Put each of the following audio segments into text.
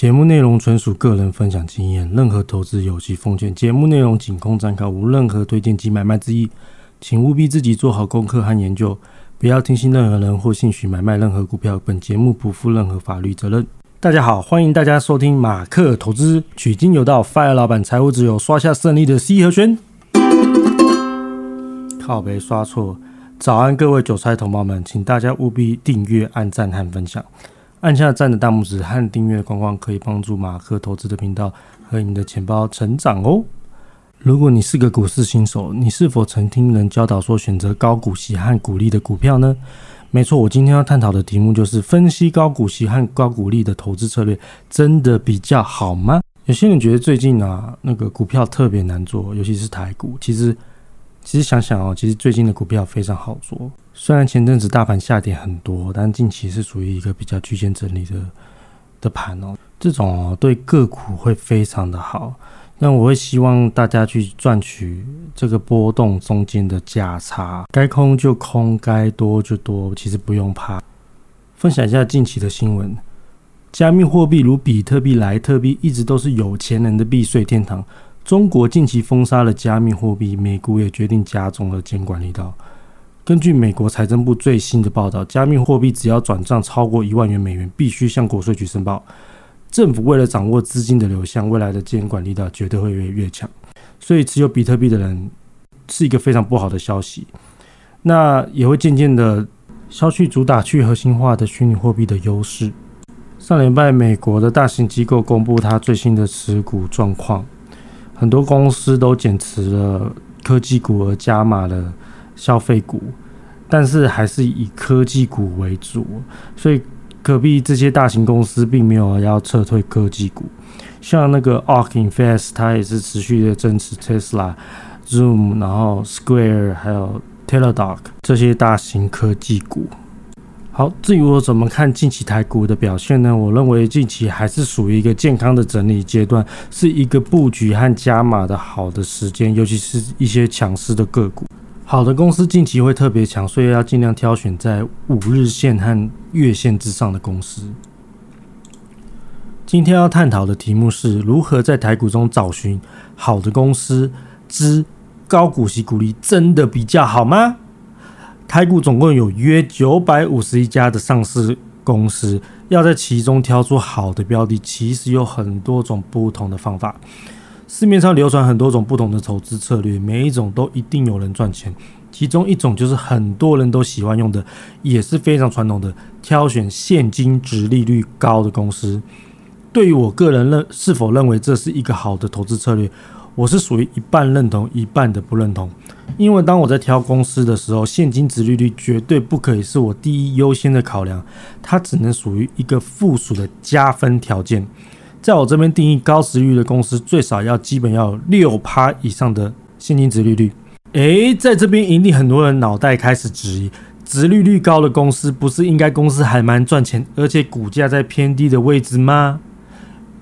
節目內容純屬個人分享經驗，任何投資有其風險。節目內容僅供參考，無任何推薦及買賣之意，請務必自己做好功課和研究，不要聽信任何人或信許買賣任何股票。本節目不負任何法律責任。大家好，歡迎大家收聽馬克投資取經有道，Fire 老闆財務自由，刷下勝利的 C 和弦，靠北刷錯。早安，各位韭菜同胞們，請大家務必訂閱、按讚和分享。按下贊的大拇指和訂閱，框框可以幫助馬克投資的頻道和你的錢包成長哦。如果你是個股市新手，你是否曾聽人教導說選擇高股息和股利的股票呢？沒錯，我今天要探討的題目就是分析高股息和高股利的投資策略，真的比較好嗎？有些人覺得最近啊，那個股票特別難做，尤其是台股，其實。其實想想哦，其實最近的股票非常好做。雖然前陣子大盤下跌很多，但近期是屬於一個比較區間整理的的盤哦。這種哦，對個股會非常的好。那我會希望大家去賺取這個波動中間的價差，該空就空，該多就多，其實不用怕。分享一下近期的新聞：加密貨幣如比特幣、萊特幣，一直都是有錢人的避稅天堂。中國近期封殺了加密貨幣，美國也決定加重了監管力道。根據美國財政部最新的報道，加密貨幣只要轉賬超過一萬元美元，必須向國稅局申報。政府為了掌握資金的流向，未來的監管力道絕對會越來越強。所以持有比特幣的人是一個非常不好的消息。那也會漸漸的消去主打去核心化的虛擬貨幣的優勢。上禮拜，美國的大型機構公布它最新的持股狀況。很多公司都減持了科技股，和加碼了消費股，但是還是以科技股為主。所以，隔壁這些大型公司並沒有要撤退科技股，像那個 ARK Invest，它也是持續的增持 Tesla、Zoom，然後 Square 還有 Teladoc 這些大型科技股。好，至於我怎麼看近期台股的表現呢？我認為近期還是屬於一個健康的整理階段，是一個布局和加碼的好的時間，尤其是一些強勢的個股。好的公司近期會特別強，所以要儘量挑選在五日線和月線之上的公司。今天要探討的題目是如何在台股中找尋好的公司，之高股息股利真的比較好嗎？台股總共有約九百五十一家的上市公司，要在其中挑出好的標的，其實有很多種不同的方法。市面上流傳很多種不同的投資策略，每一種都一定有人賺錢。其中一種就是很多人都喜歡用的，也是非常傳統的，挑選現金殖利率高的公司。對於我個人認是否認為這是一個好的投資策略？我是屬於一半認同，一半的不認同。因為當我在挑公司的時候，現金殖利率絕對不可以是我第一優先的考量，它只能屬於一個附屬的加分條件。在我這邊定義高殖利率的公司，最少要基本要有六趴以上的現金殖利率。誒，在這邊一定很多人腦袋開始質疑：殖利率高的公司，不是應該公司還蠻賺錢，而且股價在偏低的位置嗎？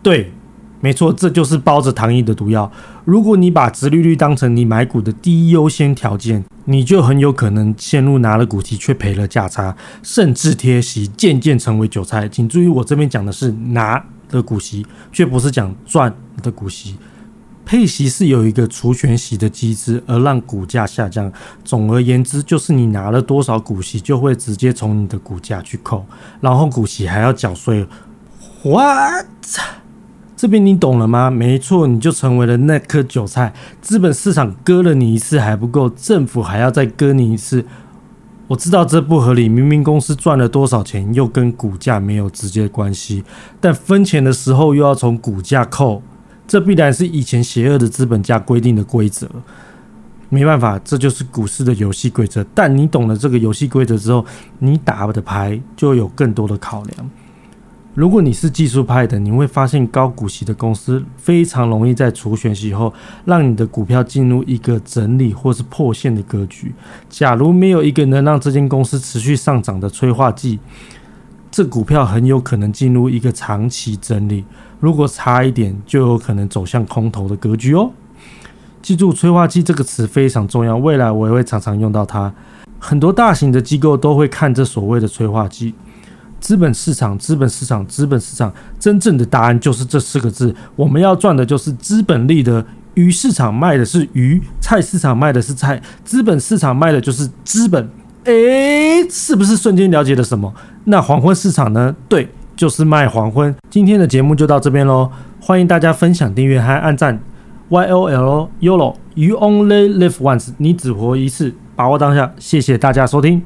對。沒錯，這就是包着糖衣的毒藥。如果你把殖利率當成你買股的第一優先條件，你就很有可能陷入拿了股息卻賠了價差，甚至貼息，漸漸成為韭菜。請注意，我這邊講的是拿的股息，卻不是講賺的股息。配息是有一個除權息的機制，而讓股價下降。總而言之，就是你拿了多少股息，就會直接從你的股價去扣，然後股息還要繳稅。What？這邊你懂了嗎？沒錯，你就成為了那顆韭菜。資本市場割了你一次還不夠，政府還要再割你一次。我知道這不合理，明明公司賺了多少錢，又跟股價沒有直接關係，但分錢的時候又要從股價扣，這必然是以前邪惡的資本家規定的規則。沒辦法，這就是股市的遊戲規則。但你懂了這個遊戲規則之後，你打的牌就有更多的考量。如果你是技術派的，你會發現高股息的公司非常容易在除權息後，讓你的股票進入一個整理或是破線的格局。假如沒有一個能讓這間公司持續上漲的催化劑，這股票很有可能進入一個長期整理。如果差一點，就有可能走向空頭的格局哦。記住“催化劑”這個詞非常重要，未來我也會常常用到它。很多大型的機構都會看這所謂的催化劑。資本市場，資本市場，資本市場，真正的答案就是這四個字。我們要賺的就是資本利得。魚市場賣的是魚，菜市場賣的是菜，資本市場賣的就是資本。誒、欸，是不是瞬間了解了什麼？那黃昏市場呢？對，就是賣黃昏。今天的節目就到這邊嘍，歡迎大家分享、訂閱、和按讚。YOLO, YOLO, You only live once，你只活一次，把握當下。謝謝大家收聽。